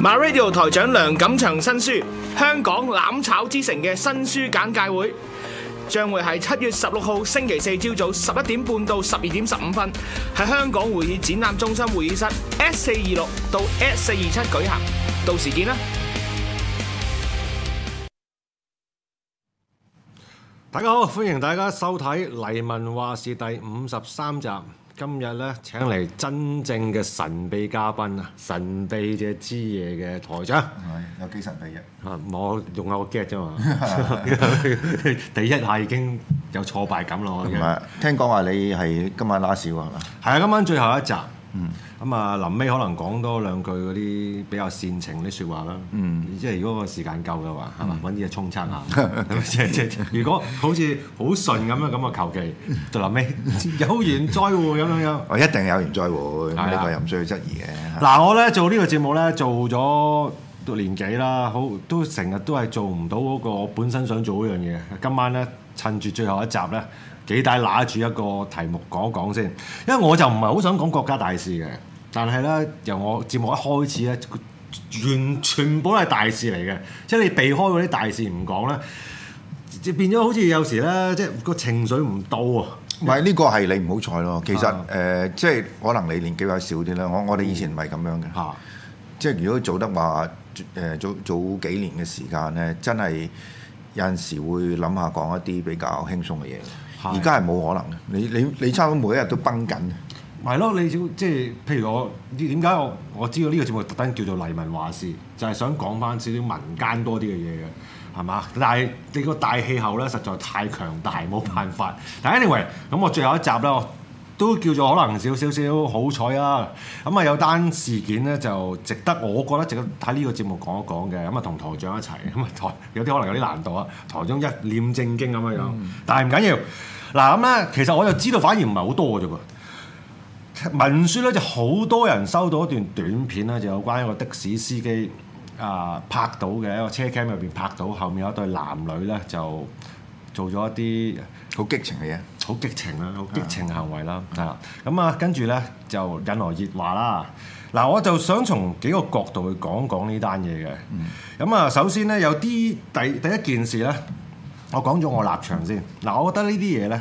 MyRadio 台長梁錦祥新書《香港攬炒之城》嘅新書簡介會，將會係七月十六號星期四朝早十一點半到十二點十五分，喺香港會議展覽中心會議室 S 四二六到 S 四二七舉行，到時見啦！大家好，歡迎大家收睇《黎民話事》第五十三集。今日咧請嚟真正嘅神秘嘉賓啊！神秘之夜嘅台長，係有幾神秘嘅、啊？我用下個 gag 啫嘛！ 第一下已經有挫敗感咯。唔係，聽講話你係今晚 last show 係咪？係啊，今晚最後一集。嗯。咁啊，臨尾可能講多兩句嗰啲比較煽情啲説話啦。嗯、即係如果個時間夠嘅話，係咪、嗯，揾啲嘢充撐下。是是 如果好似好順咁啊，咁啊，求其就臨尾有緣再會咁樣樣。我一定有緣再會，呢的個又唔需要質疑嘅。嗱、啊，我咧做呢個節目咧，做咗年幾啦，好都成日都係做唔到嗰個我本身想做嗰樣嘢。今晚咧，趁住最後一集咧，幾大拿住一個題目講講先，因為我就唔係好想講國家大事嘅。但係咧，由我節目一開始咧，完全部都係大事嚟嘅。即係你避開嗰啲大事唔講咧，即係變咗好似有時咧，即係個情緒唔到啊！唔係，呢個係你唔好彩咯。其實誒、啊呃，即係可能你年紀比較少啲啦。我我哋以前唔係咁樣嘅。嚇、啊！即係如果做得話，誒、呃、早早幾年嘅時間咧，真係有陣時會諗下講一啲比較輕鬆嘅嘢。而家係冇可能嘅。你你你，你差唔多每一日都繃緊。係咯，你即係譬如我點解我我知道呢個節目特登叫做《黎民話事》，就係想講翻少少民間多啲嘅嘢嘅，係嘛？但係你個大氣候咧，實在太強大，冇辦法。但係 anyway，咁我最後一集咧，我都叫做可能少少少好彩啊。咁啊，有單事件咧，就值得我覺得值得睇呢個節目講一講嘅。咁啊，同台長一齊，咁啊台有啲可能有啲難度啊，台長一念正經咁樣樣，但係唔緊要。嗱咁咧，其實我就知道，反而唔係好多嘅啫噃。文書咧就好多人收到一段短片咧，就有關一個的士司機啊、呃、拍到嘅一個車 cam 入邊拍到，後面有一對男女咧就做咗一啲好激情嘅嘢，好激情啦，好激情行為啦，嗯、係啦、啊咁、嗯、啊跟住咧就引來熱話啦。嗱，我就想從幾個角度去講講呢單嘢嘅。咁啊、嗯，首先咧有啲第第一件事咧，我講咗我立場先。嗱、嗯，嗯、我覺得呢啲嘢咧，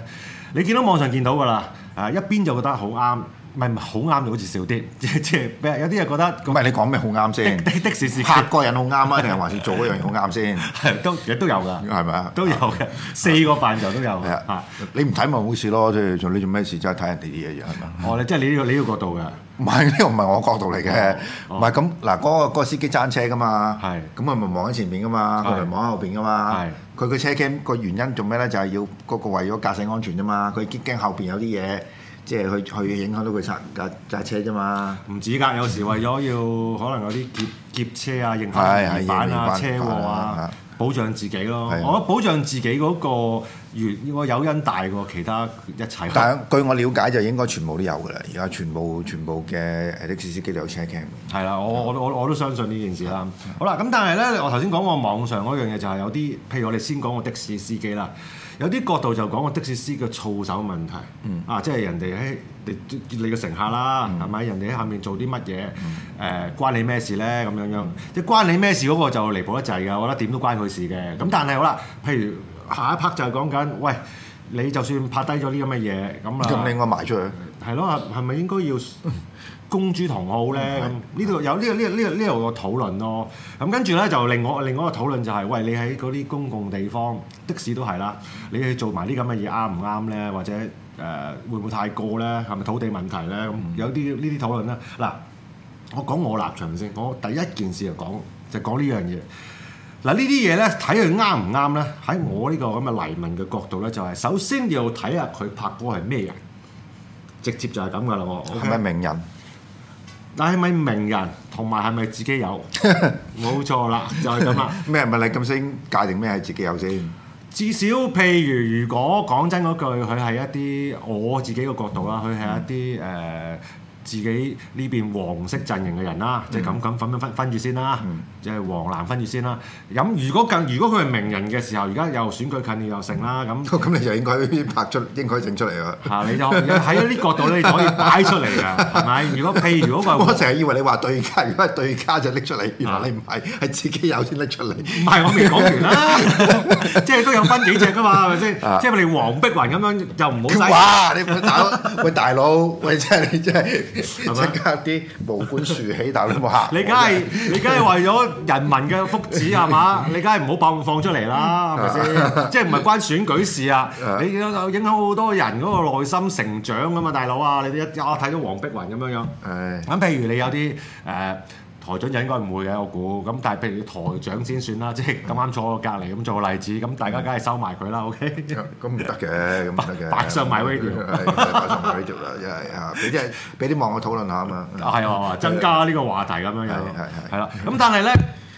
你見到網上見到㗎啦，啊一邊就覺得好啱。唔係好啱又好似少啲，即係即有啲人覺得咁係你講咩好啱先的的士司機，拍個人好啱啊，定係還是做嗰樣嘢好啱先？都亦都有噶，係咪啊？都有嘅，四個範疇都有。係啊，你唔睇咪冇事咯，即係做呢件咩事，真係睇人哋啲嘢嘢係咪？哦，你即係你呢個你呢個角度㗎？唔係呢個唔係我角度嚟嘅，唔係咁嗱，嗰個司機揸車㗎嘛，咁啊，咪望喺前面㗎嘛，佢咪望喺後邊㗎嘛，佢個車鏡個原因做咩咧？就係要嗰個為咗駕駛安全啫嘛，佢驚後邊有啲嘢。即係去去影響到佢拆架架車啫嘛，唔止噶，有時為咗要可能有啲劫劫車啊、應反疑犯啊、啊車禍啊，保障自己咯。的我覺得保障自己嗰、嗰個源應有因大過其他一切。但係據我了解就應該全部都有㗎啦，而家全部全部嘅誒的士司機都有車 cam。係啦，我、嗯、我我都我都相信呢件事啦。嗯嗯、好啦，咁但係咧，我頭先講過網上嗰樣嘢就係、是、有啲，譬如我哋先講個的士司機啦。有啲角度就講個的士司機嘅操守問題，嗯、啊，即係人哋喺你你個乘客啦，係咪、嗯？人哋喺下面做啲乜嘢？誒、嗯呃，關你咩事咧？咁樣樣，即係關你咩事嗰個就離譜得滯㗎！我覺得點都關佢事嘅。咁但係好啦，譬如下一 part 就係講緊，喂，你就算拍低咗啲咁嘅嘢，咁啊，咁你應該賣出去？係咯，係咪應該要？ 公主同號咧咁，呢度有呢個呢個呢個呢度個討論咯。咁跟住咧就另外另外一個討論就係：餵你喺嗰啲公共地方的士都係啦，你去做埋啲咁嘅嘢啱唔啱咧？或者誒會唔會太過咧？係咪土地問題咧？咁有啲呢啲討論啦。嗱，我講我立場先。我第一件事就講就講呢樣嘢。嗱，呢啲嘢咧，睇佢啱唔啱咧？喺我呢個咁嘅黎民嘅角度咧，就係首先你要睇下佢拍嗰個係咩人，直接就係咁噶啦。我係咪名人？但係咪名人同埋係咪自己有？冇錯啦，就係咁啊。咩唔係你咁先界定咩係自己有先？至少譬如如果講真嗰句，佢係一啲我自己個角度啦，佢係一啲誒。 呃自己呢邊黃色陣營嘅人啦，即係咁咁分分分住先啦，即係黃藍分住先啦。咁如果近，如果佢係名人嘅時候，而家又選舉近又成啦，咁咁你就應該拍出，應該整出嚟啦。你就喺呢角度咧，可以擺出嚟嘅，係如果譬如如果我成日以為你話對家，如果係對家就拎出嚟，原來你唔係，係自己有先拎出嚟。唔係我未講完啦，即係都有分幾隻噶嘛，係咪先？即係我哋黃碧雲咁樣就唔好。哇你大佬，喂大佬，喂即係你真係。咪？即 刻啲毛管豎起，大佬話：你梗係你梗係為咗人民嘅福祉係嘛？ 你梗係唔好爆放出嚟啦，係咪先？ 即係唔係關選舉事啊？ 你影響好多人嗰個內心成長啊嘛，大佬啊！你一啊睇到黃碧雲咁樣樣，咁譬 如你有啲誒。呃台長就應該唔會嘅，我估咁，但係譬如台長先算啦，即係咁啱坐我隔籬咁做個例子，咁、嗯、大家梗係收埋佢啦，OK？咁唔得嘅，咁唔得嘅，擺上埋 video，擺上埋 video 啦，一係俾啲俾啲網友討論下啊嘛，係、嗯、啊、哦，增加呢個話題咁樣樣，係係係啦。咁但係咧，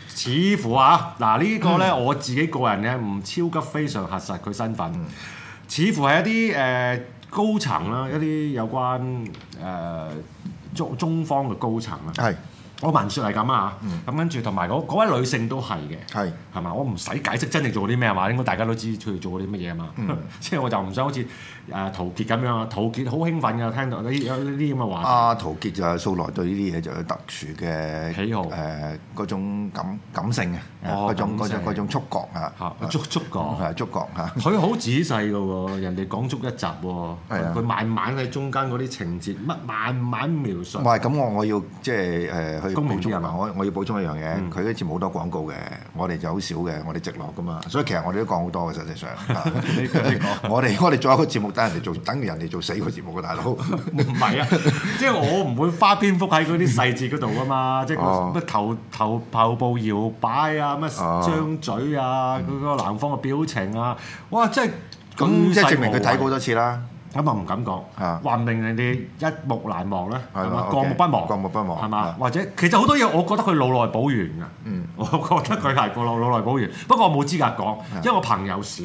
似乎啊，嗱、這個、呢個咧，我自己個人咧唔超級非常核實佢身份、嗯，似乎係一啲誒、呃、高層啦，一啲有關誒、uh, 中中，中方嘅高層啦，係。我聞説係咁啊，咁、嗯、跟住同埋嗰嗰位女性都係嘅，係係嘛？我唔使解釋真正做啲咩啊嘛，應該大家都知佢做過啲乜嘢啊嘛，即係、嗯、 我就唔想好似誒陶傑咁樣啊，陶傑好興奮嘅，聽到呢呢啲咁嘅話。阿、啊、陶傑就素來對呢啲嘢就有特殊嘅喜好，誒嗰、呃、種感感性啊。嗰種嗰種嗰種觸覺嚇，觸觸覺係觸覺嚇。佢好仔細噶喎，人哋講足一集喎，佢慢慢喺中間嗰啲情節乜慢慢描述。唔係咁，我我要即係誒去補充啊！我我要補充一樣嘢，佢嗰節冇好多廣告嘅，我哋就好少嘅，我哋直落噶嘛。所以其實我哋都講好多嘅，實際上。我哋我哋做一個節目，等人哋做等人哋做死個節目嘅大佬。唔係啊，即係我唔會花篇幅喺嗰啲細節嗰度噶嘛，即係乜頭頭頭部搖擺啊。咁啊，張嘴啊，佢嗰個男方嘅表情啊，哇！即係咁，即係證明佢睇過多次啦。咁啊，唔敢講，還令人哋一目難忘咧，係嘛？過目不忘，過目不忘係嘛？或者其實好多嘢，我覺得佢腦內補完嘅，我覺得佢係個腦內補完。不過我冇資格講，因為我朋友少，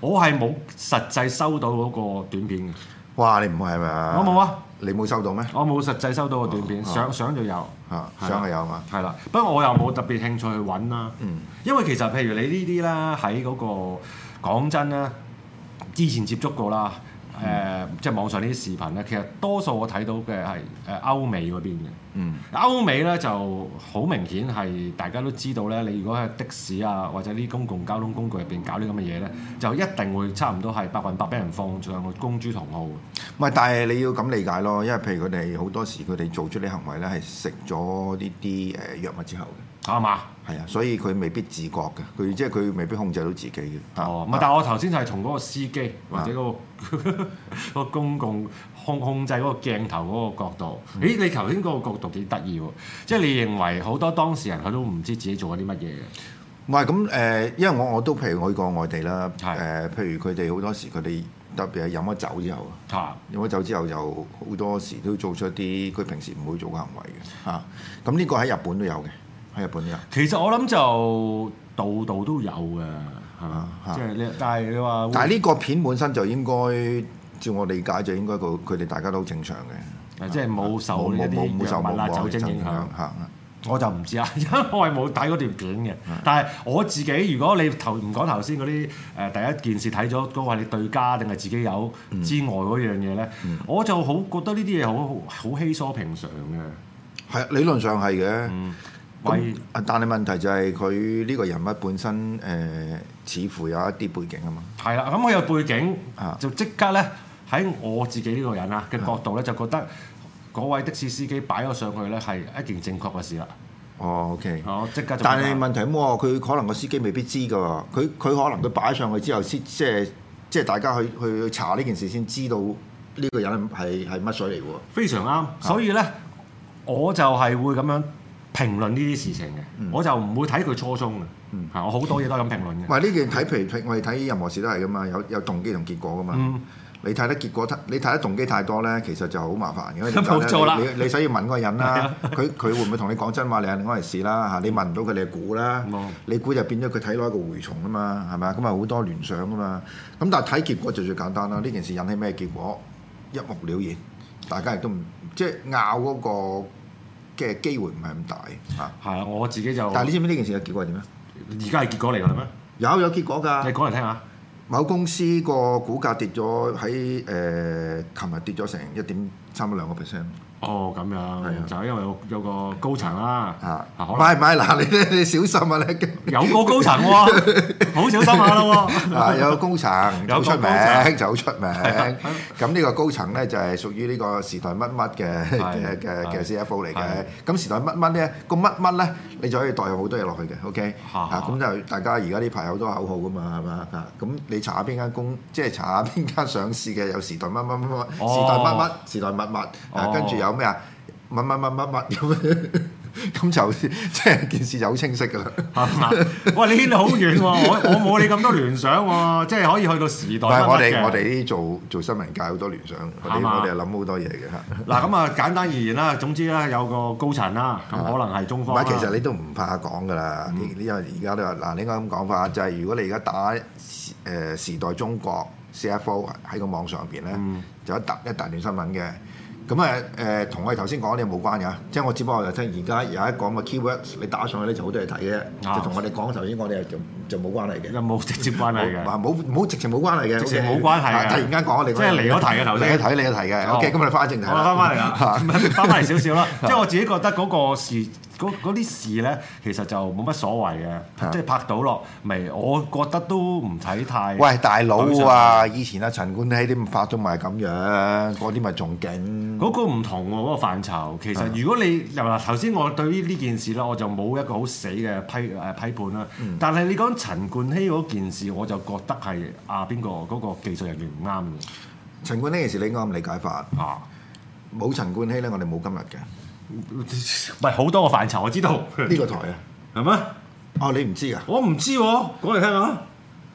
我係冇實際收到嗰個短片嘅。哇！你唔會係嘛？我冇啊。你冇收到咩？我冇實際收到個短片，想想就有。啊，相係有啊嘛？係啦，不過我又冇特別興趣去揾啦。因為其實譬如你呢啲啦，喺嗰個講真啦，之前接觸過啦。誒，嗯、即係網上呢啲視頻咧，其實多數我睇到嘅係誒歐美嗰邊嘅。嗯，歐美咧就好明顯係大家都知道咧，你如果喺的士啊或者啲公共交通工具入邊搞呢咁嘅嘢咧，就一定會差唔多係百分百俾人放上去公諸同好。唔係，但係你要咁理解咯，因為譬如佢哋好多時佢哋做出啲行為咧，係食咗呢啲誒藥物之後。啱嘛，係啊，所以佢未必自覺嘅，佢即係佢未必控制到自己嘅。哦，唔係的，但係我頭先就係從嗰個司機或者嗰、那個的 公共控控制嗰個鏡頭嗰個角度，咦，你頭先嗰個角度幾得意喎，即係你認為好多當事人佢都唔知自己做咗啲乜嘢嘅。唔係咁誒，因為我我都譬如我去過外地啦，誒、呃，譬如佢哋好多時佢哋特別係飲咗酒之後，嚇飲咗酒之後就好多時都做出一啲佢平時唔會做嘅行為嘅。嚇、啊，咁呢個喺日本都有嘅。喺日本嘅其實我諗就度度都有嘅，係嘛？即係你，但係你話，但係呢個片本身就應該，照我理解就應該佢哋大家都正常嘅，即係冇受冇啲藥物酒精影響。我就唔知啦，因為我冇睇嗰段片嘅。但係我自己，如果你頭唔講頭先嗰啲誒第一件事睇咗嗰個係你對家定係自己有之外嗰樣嘢咧，我就好覺得呢啲嘢好好稀疏平常嘅。係，理論上係嘅。咁，但係問題就係佢呢個人物本身，誒、呃，似乎有一啲背景啊嘛。係啦，咁佢有背景，啊、就即刻咧喺我自己呢個人啊嘅角度咧，啊、就覺得嗰位的士司機擺咗上去咧係一件正確嘅事啦。哦，OK，我即刻。但係問題咁喎，佢、嗯、可能個司機未必知㗎喎，佢佢可能佢擺上去之後先，即係即係大家去去查呢件事先知道呢個人係係乜水嚟喎。非常啱，所以咧，嗯、我就係會咁樣。評論呢啲事情嘅，我就唔會睇佢初衷嘅。嚇，我好多嘢都係咁評論嘅。唔係呢件睇譬如，譬如我哋睇任何事都係㗎嘛，有有動機同結果㗎嘛。嗯、你睇得結果，你睇得動機太多咧，其實就好麻煩嘅。冇錯啦。你你所以問嗰個人啦，佢佢是、啊、會唔會同你講真話？你係另一回事啦。嚇，你問唔到佢，嗯、你估啦。你估就變咗佢睇到一個蛔蟲啊嘛，係咪？咁啊好多聯想㗎嘛。咁但係睇結果就最簡單啦。呢件事引起咩結果，一目了然。大家亦都唔即係拗嗰個嘅機會唔係咁大，係啊，我自己就。但係你知唔知呢件事嘅結果係點咧？而家係結果嚟㗎啦咩？嗎有有結果㗎。你講嚟聽下，某公司個股價跌咗喺誒，琴日跌咗成一點差唔多兩個 percent。哦，咁樣就因為有有個高層啦，唔係唔係嗱，你你小心啊！你有個高層喎，好小心下咯。啊，有高層，好出名就好出名。咁呢個高層咧就係屬於呢個時代乜乜嘅嘅嘅嘅 CFO 嚟嘅。咁時代乜乜咧，個乜乜咧，你就可以代入好多嘢落去嘅。OK，嚇咁就大家而家呢排好多口號㗎嘛，係嘛？嚇咁你查下邊間公，即係查下邊間上市嘅有時代乜乜乜乜，時代乜乜，時代乜乜，跟住有。有咩啊？乜乜乜乜乜咁？咁就即係件事就好清晰噶啦。喂，你牽到好遠喎、啊，我我冇你咁多聯想喎、啊，即係可以去到時代。但係我哋我哋啲做做新聞界好多聯想，我哋嗎我哋係諗好多嘢嘅。嗱咁啊，簡單而言啦、啊， 總之咧有個高層啦、啊，咁可能係中方。唔係，其實你都唔怕講噶啦。呢呢、嗯，而家都話嗱，應該咁講法，就係、是、如果你而家打誒時代中國 CFO 喺個網上邊咧，嗯、就一揼一大段新聞嘅。咁誒誒，同我哋頭先講啲冇關嘅，即係我只不過就聽而家有一個咁嘅 keyword，你打上去咧就好多嘢睇啫，啊、就同我哋講頭先講嘅嘢就冇關嚟嘅，冇直接關係嘅，冇冇直情冇關嚟嘅，冇關係突然間講我哋，關係啊、即係離咗題嘅頭先嘅題，離咗題嘅。哦、OK，咁我哋翻正題，我翻翻嚟啦，翻翻嚟少少啦。 即係我自己覺得嗰個事。嗰嗰啲事咧，其實就冇乜所謂嘅，的即係拍到落，咪我覺得都唔睇太。喂，大佬啊！以前阿、啊、陳冠希啲拍到咪係咁樣，嗰啲咪仲勁。嗰個唔同喎、啊，嗰、嗰個範疇。其實如果你由頭先，的我對於呢件事咧，我就冇一個好死嘅批誒、呃、批判啦。嗯、但係你講陳冠希嗰件事，我就覺得係阿邊個嗰、嗰個技術人員唔啱嘅。陳冠希件事，你應該咁理解法啊，冇陳冠希咧，我哋冇今日嘅。唔係好多個範疇，我知道呢個台啊，係咩嗎？哦，你唔知啊？我唔知、啊，講嚟聽下。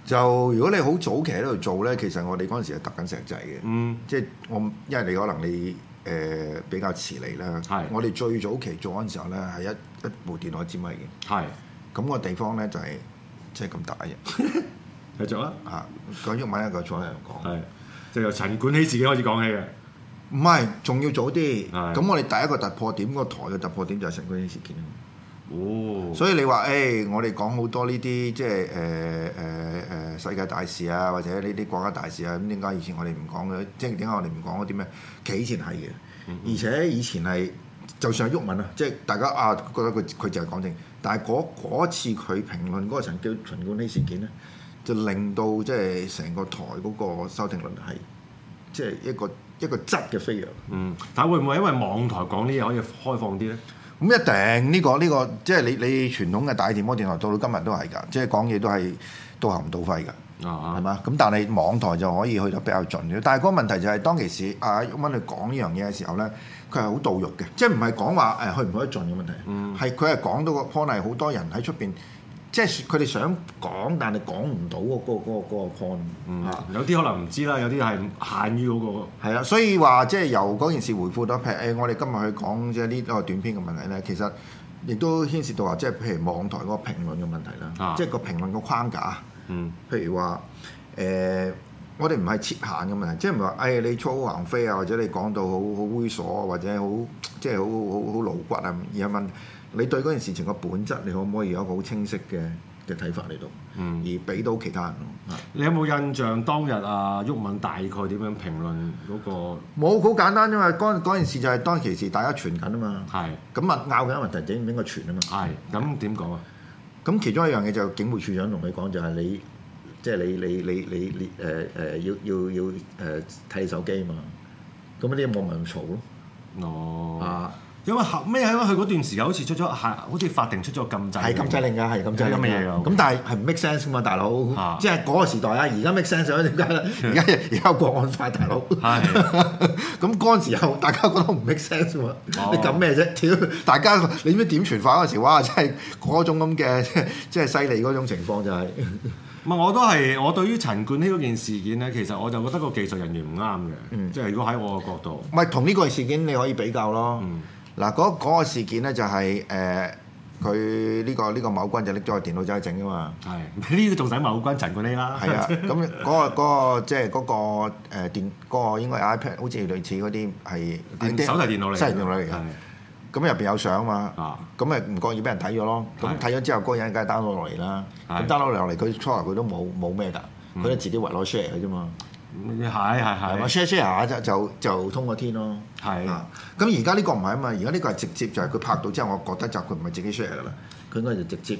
就如果你好早期喺度做咧，其實我哋嗰陣時係揼緊石仔嘅。嗯、即係我因為你可能你誒、呃、比較遲嚟啦。是我哋最早期做嗰陣時候咧，係一一部電腦佔位嘅。係是。咁個地方咧就係即係咁大嘅。 繼續啦吧。嚇，講英文一個坐喺度講。係。就由陳冠希自己開始講起嘅。唔係，仲要早啲。咁的我哋第一個突破點、個台嘅突破點就係陳冠希事件。哦，所以你話誒、欸，我哋講好多呢啲即係誒誒誒世界大事啊，或者呢啲國家大事啊。咁點解以前我哋唔講嘅？即係點解我哋唔講嗰啲咩？以前係嘅，嗯、哼而且以前係，就算係毓民啊，即係大家啊覺得佢佢就係講正，但係嗰次佢評論嗰個陳冠希事件咧，就令到即係成個台嗰個收聽率係即係一個。一個質嘅飛躍，嗯，但係會唔會因為網台講呢嘢可以開放啲咧？咁、嗯、一定呢、呢個呢、呢個，即係你你傳統嘅大電波電台到到今日都係㗎，即係講嘢都係導行唔到肺㗎，係嘛？咁、啊、哈 但係網台就可以去得比較盡，但係嗰個問題就係當其時啊，我問你講呢樣嘢嘅時候咧，佢係好導欲嘅，即係唔係講話誒去唔去得盡嘅問題，係佢係講到個 point 係，好多人喺出邊。即係佢哋想講，但係講唔到嗰、嗰個嗰個 point 有啲可能唔知啦，有啲係限於嗰、嗰個。係啦、啊，所以話即係由嗰件事回覆到，譬如誒，我哋今日去講即係呢個短篇嘅問題咧，其實亦都牽涉到話，即係譬如網台嗰個評論嘅問題啦，即係、啊、個評論個框架。嗯。譬如話誒、呃，我哋唔係設限嘅問題，即係唔係話誒你粗言飛啊，或者你講到好好猥瑣啊，或者好即係好好好好露骨啊，而問。你對嗰件事情個本質，你可唔可以有一個好清晰嘅嘅睇法嚟度、嗯、而俾到其他人？你有冇印象當日啊，毓民大概點樣評論嗰、那個？冇，好簡單啫嘛。嗰件事就係當其時大家傳緊啊嘛。係是。咁啊，拗緊個問題，整唔整個傳啊嘛？係。咁點講啊？咁其中一樣嘢就警務處長同你講，就係、是、你，即係你你你你你誒、呃、要要要誒睇手機啊嘛。咁呢啲網民咪嘈咯。哦。啊。因為後尾喺佢嗰段時間，好似出咗嚇，好似法定出咗禁制，係禁制令㗎，係禁制咁嘅嘢。咁但係係唔 make sense 㗎嘛，大佬，即係嗰個時代啦。而家 make sense 咗點解咧？而家而家國安法大佬。咁嗰陣時候，大家覺得唔 make sense 嘛，你禁咩啫？大家你知唔知點傳法嗰陣時？哇，真係嗰種咁嘅即係犀利嗰種情況就係。唔係，我都係我對於陳冠希嗰件事件咧，其實我就覺得個技術人員唔啱嘅，即係如果喺我個角度。唔係同呢個事件你可以比較咯。嗱，嗰個事件咧就係、是、誒，佢、呃、呢、這個呢、這個某君就拎咗個電腦仔去整噶嘛，係呢個仲使某君陳冠希啦，係 啊，咁、那、嗰個即係嗰個誒、就是那個呃、電嗰、那個應該係 iPad，好似類似嗰啲係手提電腦嚟嘅，咁入邊有相嘛，咁咪唔覺意俾人睇咗咯，咁睇咗之後嗰、那個人梗係 download 落嚟啦，咁 download 落嚟佢初頭佢都冇冇咩㗎，佢都自己揾攞出嚟嘅 r 啫嘛。嗯你係係係，share share 啫就，就就通過天是個天咯。係。咁而家呢個唔係啊嘛，而家呢個係直接就係佢拍到之後，我覺得就佢唔係自己 share 噶啦，佢應該就直接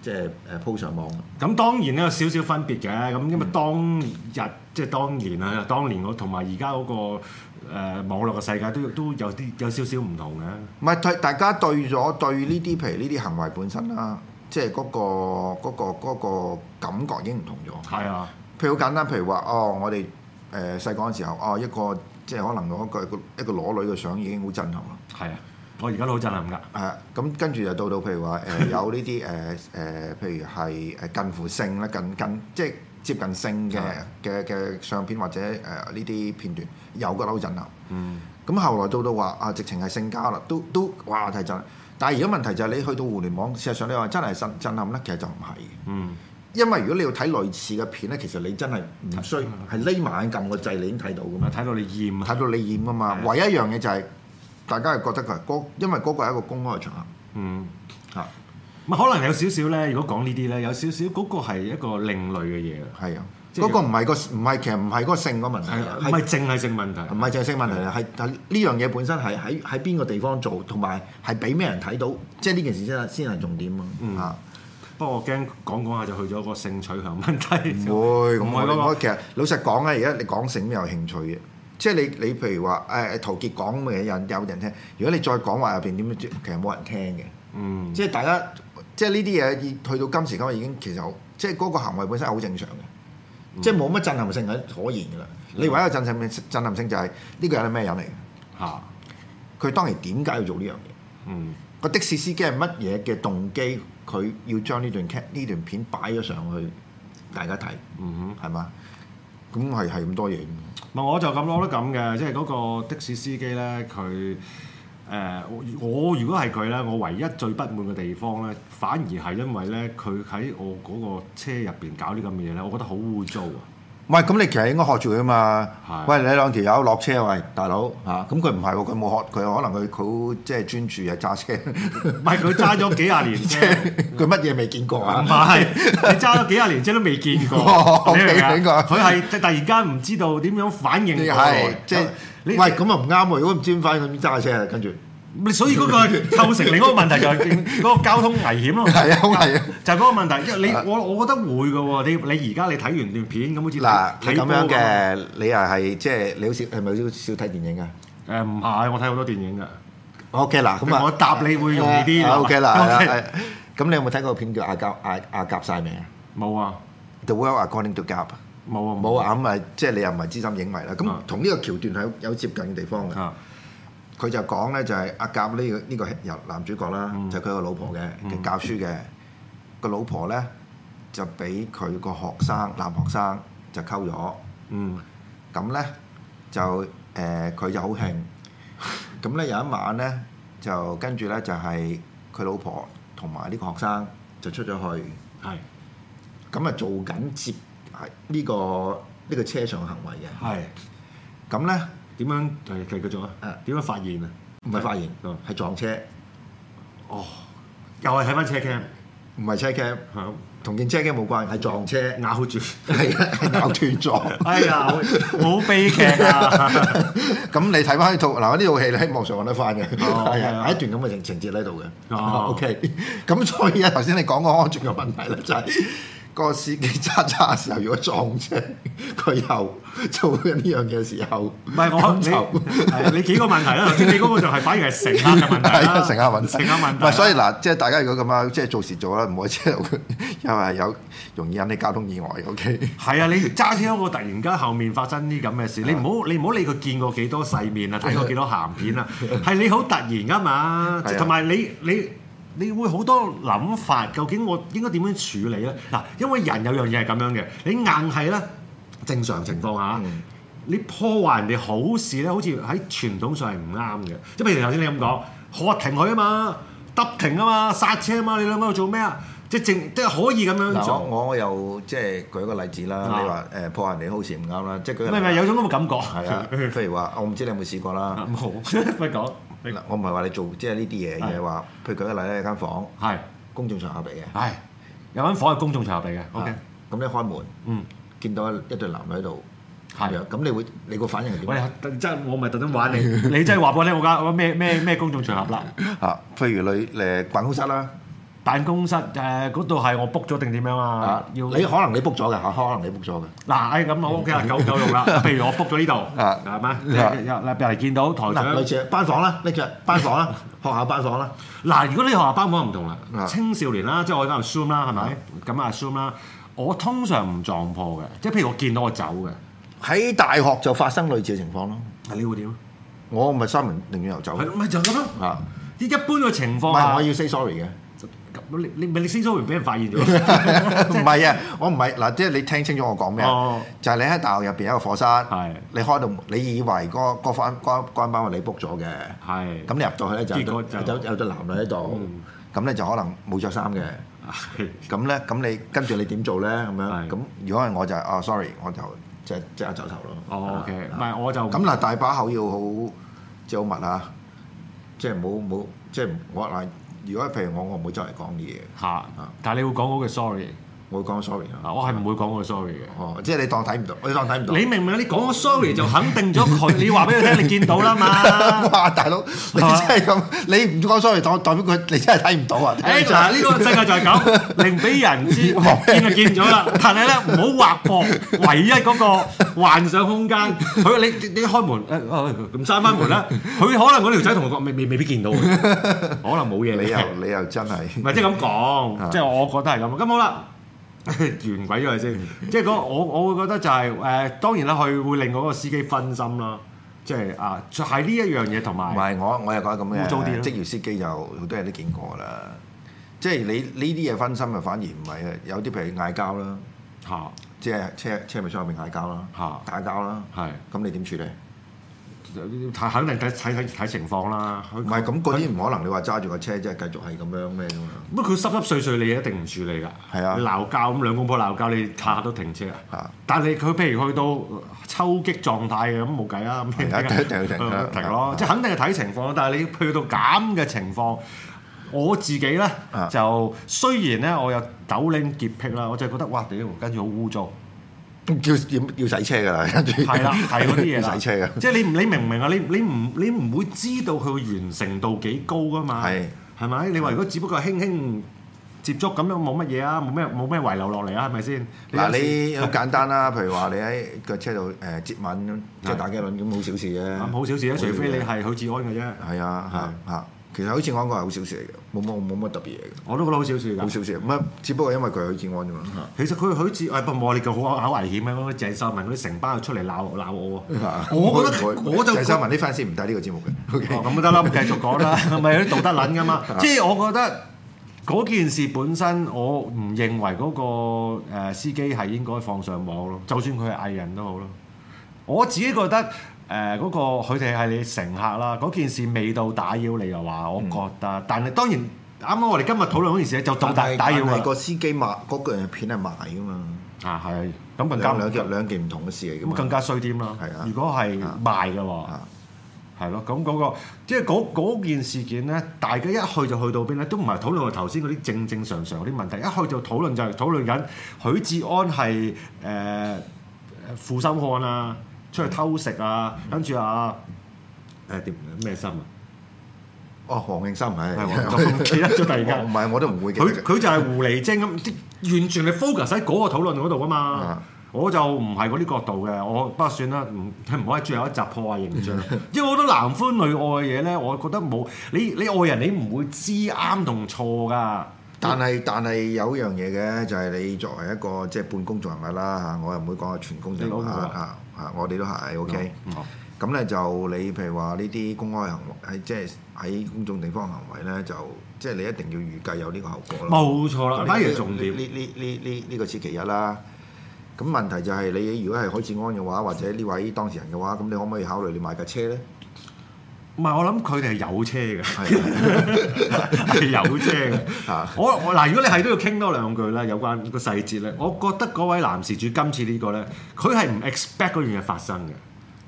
即係誒 po 上網。咁當然咧有少少分別嘅，咁因為當日即係當年啊，當年我同埋而家嗰個誒、呃、網絡嘅世界都有都有啲有少少唔同嘅。唔係大家對咗對呢啲譬如呢啲行為本身啦，即係嗰個嗰、嗰個嗰、嗰個嗰個感覺已經唔同咗。係啊的。嗯譬如好簡單，譬如話哦，我哋誒細個嘅時候，哦一個即係可能攞個一個裸女嘅相已經好震撼啦。係啊，我而家都好震撼㗎。係啊，咁跟住就到到譬如話誒有呢啲誒誒，譬如係近乎性咧，近近即係接近性嘅嘅嘅相片或者誒呢啲片段，有個都好震撼。咁後來到到話啊，直情係性交啦，都都哇太震撼。但係而家問題就係你去到互聯網，事實上你話真係震震撼咧，其實就唔係嘅。嗯。因為如果你要睇類似嘅片咧，其實你真係唔需係匿埋眼撳個掣，你已經睇到噶嘛，睇到你厭，睇到你厭啊嘛。唯一一樣嘢就係大家係覺得佢係因為嗰個係一個公開場合。嗯，嚇，可能有少少咧？如果講呢啲咧，有少少嗰個係一個另類嘅嘢。係啊，即係嗰個唔係個唔係，其實唔係嗰個性嗰問題，唔係淨係性問題，唔係淨係性問題啊，係係呢樣嘢本身係喺喺邊個地方做，同埋係俾咩人睇到，即係呢件事真係先係重點啊。不過我驚講講下就去咗個性取向問題。唔會咁咪咯？其實老實講咧，而家你講性邊有興趣嘅？即係你你譬如話誒陶傑講嘅有人有人聽。如果你再講話入邊點樣，其實冇人聽嘅、嗯。即係大家即係呢啲嘢，去到今時今日已經其實即係嗰個行為本身係好正常嘅，嗯、即係冇乜震撼性可言㗎啦。你話一個震撼性、就係，嗯、震撼性就係、係、呢、呢個人係咩人嚟？嚇、啊！佢當年點解要做呢樣嘢？嗯。個的士司機係乜嘢嘅動機？佢要將呢段劇呢段片擺咗上去，大家睇，嗯哼，係嘛？咁係係咁多嘢，唔係我就咁，攞都咁嘅，嗯、即係嗰個的士司機咧，佢誒、呃、我，我如果係佢咧，我唯一最不滿嘅地方咧，反而係因為咧，佢喺我嗰個車入邊搞啲咁嘅嘢咧，我覺得好污糟啊！唔係，咁你其實應該學住佢吖嘛的喂？喂，你兩條友落車喂，大佬吓，咁佢唔係喎，佢冇學，佢可能佢好即係專注啊揸車。唔係，佢揸咗幾廿年車，佢乜嘢未見過啊？唔係，佢揸咗幾廿年車都未見過，未見過。佢係 突然間唔知道點樣反應。係即係喂，咁又唔啱喎！如果唔知點反應，佢點揸車啊？跟住。咁所以嗰個構成你嗰個問題就係嗰個交通危險咯，係啊，係啊，就係嗰個問題。因為你我我覺得會㗎喎，你你而家你睇完段片咁好似嗱睇咁樣嘅，你又係即係你好少係咪好少睇電影啊？誒唔係，我睇好多電影㗎。OK 嗱咁啊，我答你會容易啲。OK 嗱，咁你有冇睇過嗰個片叫《阿夾阿阿夾曬未》啊？冇啊，《The World According to Gap》冇啊冇啊，咁咪即係你又唔係資深影迷啦。咁同呢個橋段係有有接近嘅地方嘅。佢就講咧，就係阿甲呢個呢個由男主角啦，就佢個老婆嘅，佢教書嘅，個老婆咧就俾佢個學生男學生就溝咗，嗯，咁咧就誒佢就好興，咁咧有一晚咧就跟住咧就係佢老婆同埋呢個學生就出咗去，係，咁啊做緊接係呢個呢個車上行為嘅，係，咁咧。點樣繼續做啊？點樣發現啊？唔係發現，係、嗯、撞車。哦，又係睇翻車 cam，唔係車 cam，同件車 cam 冇關係，係撞車咬住，係咬斷咗。哎呀好，好悲劇啊！咁 你睇翻呢套嗱，呢套戲你喺網上搵得翻嘅，係、哦、的一段咁嘅情情節喺度嘅。哦，OK，咁所以啊，頭先你講個安全嘅問題咧，就係。 個司機揸揸嘅時候，如果撞車，佢又做呢樣嘅時候，唔係我嘈跑。你幾個問題啦、啊？頭先 你嗰個就係反而係乘客嘅問題，乘客日揾成日問題。問題，所以嗱，即係大家如果咁樣，即係做事做啦，唔好即係因為有容易引起交通意外。OK。係啊，你揸車嗰個突然間後面發生啲咁嘅事對你，你唔好你唔好理佢見過幾多世面啊，睇過幾多鹹片啊，係是的 你好突然噶嘛，同埋你你。你會好多諗法，究竟我應該點樣處理咧？嗱，因為人有樣嘢係咁樣嘅，你硬係咧，正常情況下，你破壞人哋好事咧，好似喺傳統上係唔啱嘅。即係譬如頭先你咁講，學停佢啊嘛，急停啊嘛，剎車啊嘛，你兩個喺度做咩啊？即係正，即係可以咁樣做。我又即係舉一個例子啦，你話誒破壞人哋好事唔啱啦，即係佢。唔係，唔係，有種咁嘅感覺。係啊，譬如話，我唔知你有冇試過啦。冇，快講。我唔係話你做即係呢啲嘢，而係話，譬如舉個例咧，一間房，係公眾場合嚟嘅，係有間房係公眾場合嚟嘅。OK，咁你開門，嗯，見到一對男女喺度，係啊，咁你會你個反應係點？我即係我唔係特登玩你，你真係話俾我聽，我間咩咩咩公眾場合啦，啊，譬如你誒辦公室啦。辦公室誒嗰度係我 book 咗定點樣啊？要你可能你 book 咗嘅嚇，可能你 book 咗嘅。嗱咁我屋企人有用啦。譬如我 book 咗呢度，係咪？又嚟見到台長，類似班房啦，拎住班房啦，學校班房啦。嗱，如果你學校班房唔同啦，青少年啦，即係我而家 assume 啦，係咪？咁啊 assume 啦，我通常唔撞破嘅，即係譬如我見到我走嘅，喺大學就發生類似嘅情況咯。係你會點？我唔係三文，寧願由走。係咪就咁咯？啲一般嘅情況。唔係，我要 say sorry 嘅。你你先收完俾人發現咗？唔係啊，我唔係嗱，即係你聽清楚我講咩？就係你喺大學入邊一個課室，你開到門，你以為嗰嗰班嗰嗰班話你 book 咗嘅，咁你入到去咧就見到有有對男女喺度，咁咧就可能冇着衫嘅，咁咧咁你跟住你點做咧？咁樣咁如果係我就係啊，sorry，我就即係即刻走頭咯。O K，唔係我就咁嗱，大把口要好即係好密啊，即係唔好，即係惡難。如果係譬如我，我唔會再嚟講嘢。嚇、啊！是但係你會講嗰句 sorry。我會講 sorry 啊！我係唔會講我嘅 sorry 嘅。哦，即係你當睇唔到，你當睇唔到。你明唔明啊？你講個 sorry 就肯定咗佢，你話俾佢聽，你見到啦嘛！哇，大佬，你真係咁？你唔講 sorry，代代表佢，你真係睇唔到啊？哎呀，呢個世界就係咁，你唔俾人知，見就見咗啦。但係咧，唔好劃破唯一嗰個幻想空間。佢你你開門，唔閂翻門啦。佢可能嗰條仔同我講未未未必見到，可能冇嘢。你又你又真係唔係即係咁講？即係我覺得係咁。咁好啦。 完鬼咗了佢先 即，即係嗰我我會覺得就係、是、誒、呃，當然啦，佢會令嗰個司機分心啦，即係啊，就係呢一樣嘢同埋唔係我我又覺得咁樣，職業司機就好多人都見過啦，即係你呢啲嘢分心啊，反而唔係有啲譬如嗌交啦，嚇的，即係車車尾箱入邊嗌交啦，嚇的，打架啦，咁的你點處理？睇肯定睇睇睇情況啦。唔係咁嗰啲唔可能，你話揸住個車即係繼續係咁樣咩㗎嘛？咁佢濕濕碎碎，你一定唔處理㗎。係啊，鬧交咁兩公婆鬧交，你下下都停車啊。但係佢譬如去到抽擊狀態嘅，咁冇計啦。而家停停停咯。即係肯定係睇情況，但係你去到咁嘅情況，我自己咧就雖然咧我有抖癲潔癖啦，我就覺得哇屌，跟住好污糟。叫要要洗車噶啦，跟住係嗰啲嘢洗車噶。即係你你明唔明啊？你你唔你唔會知道佢完成度幾高噶嘛？係咪？你話如果只不過輕輕接觸咁樣，冇乜嘢啊，冇咩冇咩遺留落嚟啊？係咪先？嗱，你好簡單啦。譬如話你喺架車度誒接吻，即係打機輪咁，好小事嘅。咁好小事咧，除非你係去治安嘅啫。係啊，嚇嚇。其實許志安嗰個係好小事嚟嘅，冇冇冇乜特別嘢嘅。我都覺得好小事。好小事，乜？只不過因為佢許志安啫嘛。其實佢許志，不過我哋就好危險啊！嗰啲鄭秀文啲成班出嚟鬧鬧我喎。我覺得我就鄭秀文啲 fans 唔睇呢個節目嘅。咁都得啦，繼續講啦。咪有啲道德撚㗎嘛。即係我覺得嗰件事本身，我唔認為嗰個誒司機係應該放上網咯。就算佢係藝人都好咯。我自己覺得。誒嗰、呃那個佢哋係你乘客啦，嗰件事未到打擾你又話，我覺得。嗯、但係當然啱啱我哋今日討論嗰件事，就到達打擾你個司機賣嗰個人片係賣噶嘛。啊，係。咁更加兩,兩件兩件唔同嘅事嚟㗎。咁更加衰啲啦。係啊。如果係賣嘅喎。係咯。咁嗰、那個即係嗰件事件咧，大家一去就去到邊咧？都唔係討論我頭先嗰啲正正常常嗰啲問題，一去就討論就係、是、討論緊許志安係誒、呃、負心漢啊！出去偷食啊，跟住啊，誒點咩心啊？生哦，黃勁心唔係，我唔記得咗第二件，唔係我都唔會。佢佢就係狐狸精咁，完全係 focus 喺嗰個討論嗰度噶嘛。的我就唔係嗰啲角度嘅，我不過算啦，唔唔可以最後一集破壞形象。的因為我覺得男歡女愛嘅嘢咧，我覺得冇你你愛人，你唔會知啱同錯噶是。但係但係有一樣嘢嘅，就係、是、你作為一個即係、就是、半公眾人物啦，我又唔會講係全公眾人物啊。啊啊！我哋都係 OK，咁咧就你譬如話呢啲公開行為喺即係喺公眾地方行為咧，就即係、就是、你一定要預計有呢個後果。冇錯啦，反而你重點。呢呢呢呢呢個此其一啦。咁問題就係你如果係海治安嘅話，或者呢位當事人嘅話，咁你可唔可以考慮你買架車咧？唔係，我諗佢哋係有車嘅，係有車嘅。 我嗱，如果你係都要傾多兩句啦，有關個細節咧。我覺得嗰位男事主今次呢個咧，佢係唔 expect 嗰樣嘢發生嘅。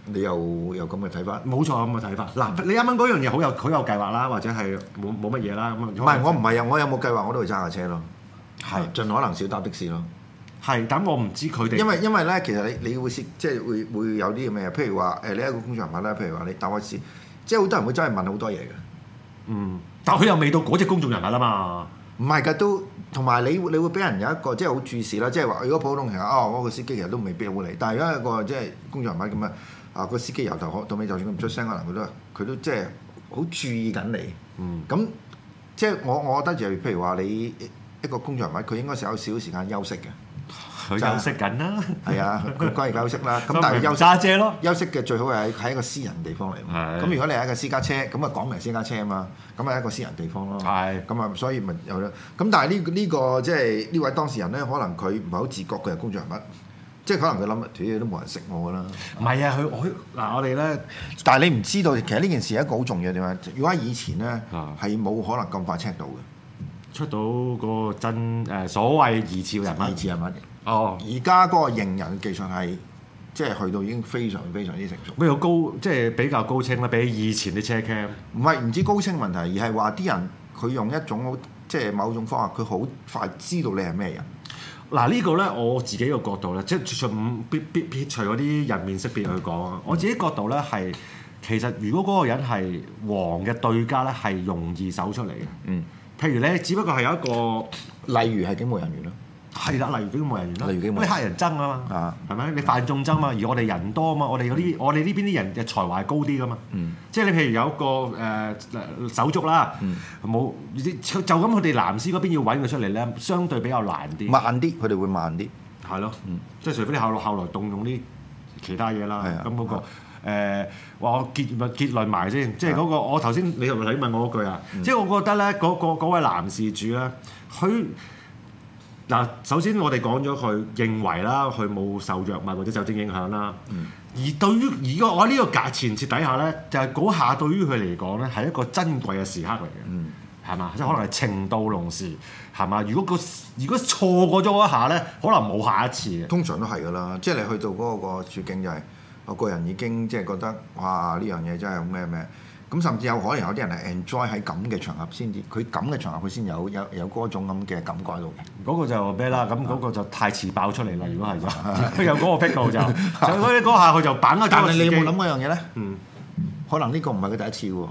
你又有咁嘅睇法，冇錯咁嘅睇法。嗱，你啱啱嗰樣嘢好有好有計劃啦，或者係冇冇乜嘢啦咁啊？唔係，我唔係啊，我有冇計劃我都會揸下車咯，係是是盡可能少搭的士咯。係，但我唔知佢，因為因為咧，其實你你會識即係會會，會有啲咩？譬如話誒，呢一個工廠物咧，譬如話你搭的士。即係好多人會真係問好多嘢嘅，嗯，但佢又未到嗰隻公眾人物啊嘛，唔係嘅都，同埋你你會俾人有一個即係好注視啦，即係話如果普通乘客啊，我個司機其實都未逼未必好你，但係如果一個即係公眾人物咁啊，啊個司機由頭到尾，就算佢唔出聲，可能佢都佢都，都即係好注意緊你，嗯，咁即係我我覺得就譬如話你一個公眾人物，佢應該係有少少時間休息嘅。佢休息緊啦， 係啊，佢關係休息啦。咁但係又揸車咯，休息嘅 最好係喺一個私人地方嚟。咁是的 如果你係一個私家車，咁啊講明私家車啊嘛，咁啊一個私人地方咯。係咁啊，所以咪又啦。咁但係呢呢個即係呢位當事人咧，可能佢唔係好自覺，佢係公眾人物，即、就、係、是、可能佢諗，屌都冇人識我㗎啦。唔係啊，佢我嗱我哋咧，但係你唔知道，其實呢件事係一個好重要點啊。如果喺以前咧，係冇、啊、可能咁快 check 到嘅，出到個真誒、呃、所謂疑似人物。疑似人物。哦，而家嗰個認人嘅技術係即係去到已經非常非常之成熟，比較高即係、就是、比較高清啦，比起以前啲車 cam 唔係唔止高清問題，而係話啲人佢用一種即係、就是、某種方法，佢好快知道你係咩人。嗱呢個咧我自己個角度咧，即係唔撇撇除嗰啲人面識別去講啊，嗯、我自己角度咧係其實如果嗰個人係黃嘅對家咧，係容易搜出嚟嘅。嗯，譬如咧，只不過係有一個例如係警務人員啦。係啦，例如警務人員啦，例如警務人員啦，你黑人憎啊嘛，係咪？你犯眾憎啊嘛，而我哋人多啊嘛，我哋嗰啲，我哋呢邊啲人嘅才華高啲噶嘛，即係你譬如有一個誒手足啦，冇就咁，佢哋男士嗰邊要揾佢出嚟咧，相對比較難啲，慢啲，佢哋會慢啲，係咯，即係除非你後後來動用啲其他嘢啦，咁嗰個誒話我結結論埋先，即係嗰個我頭先你係咪問我嗰句啊？即係我覺得咧，嗰個嗰位男事主咧，佢。嗱，首先我哋講咗佢認為啦，佢冇受藥物或者酒精影響啦。嗯、而對於而個我呢個價前設底下咧，就係、是、嗰下對於佢嚟講咧係一個珍貴嘅時刻嚟嘅，係嘛、嗯？即係、就是、可能係情到濃時，係嘛？如果、那個如果錯過咗嗰一下咧，可能冇下一次嘅。通常都係㗎啦，即係你去到嗰、那個那個處境就係、是，我個人已經即係覺得哇，呢樣嘢真係好咩咩。咁甚至有可能有啲人係 enjoy 喺咁嘅場合先至，佢咁嘅場合佢先有有有嗰種咁嘅感覺到嘅。嗰個就咩啦？咁嗰個就太遲爆出嚟啦！如果係話，有嗰 個癖好就 就嗰嗰下佢就扳咗，但係你有冇諗過一樣嘢咧？可能呢個唔係佢第一次喎，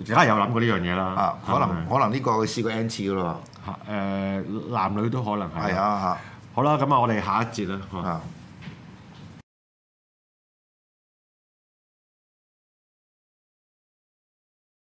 而家有諗過呢樣嘢啦、啊。可能是是可能呢個佢試過 n 次嘅咯。誒，男女都可能係。啊，啊啊好啦，咁我哋下一節啦。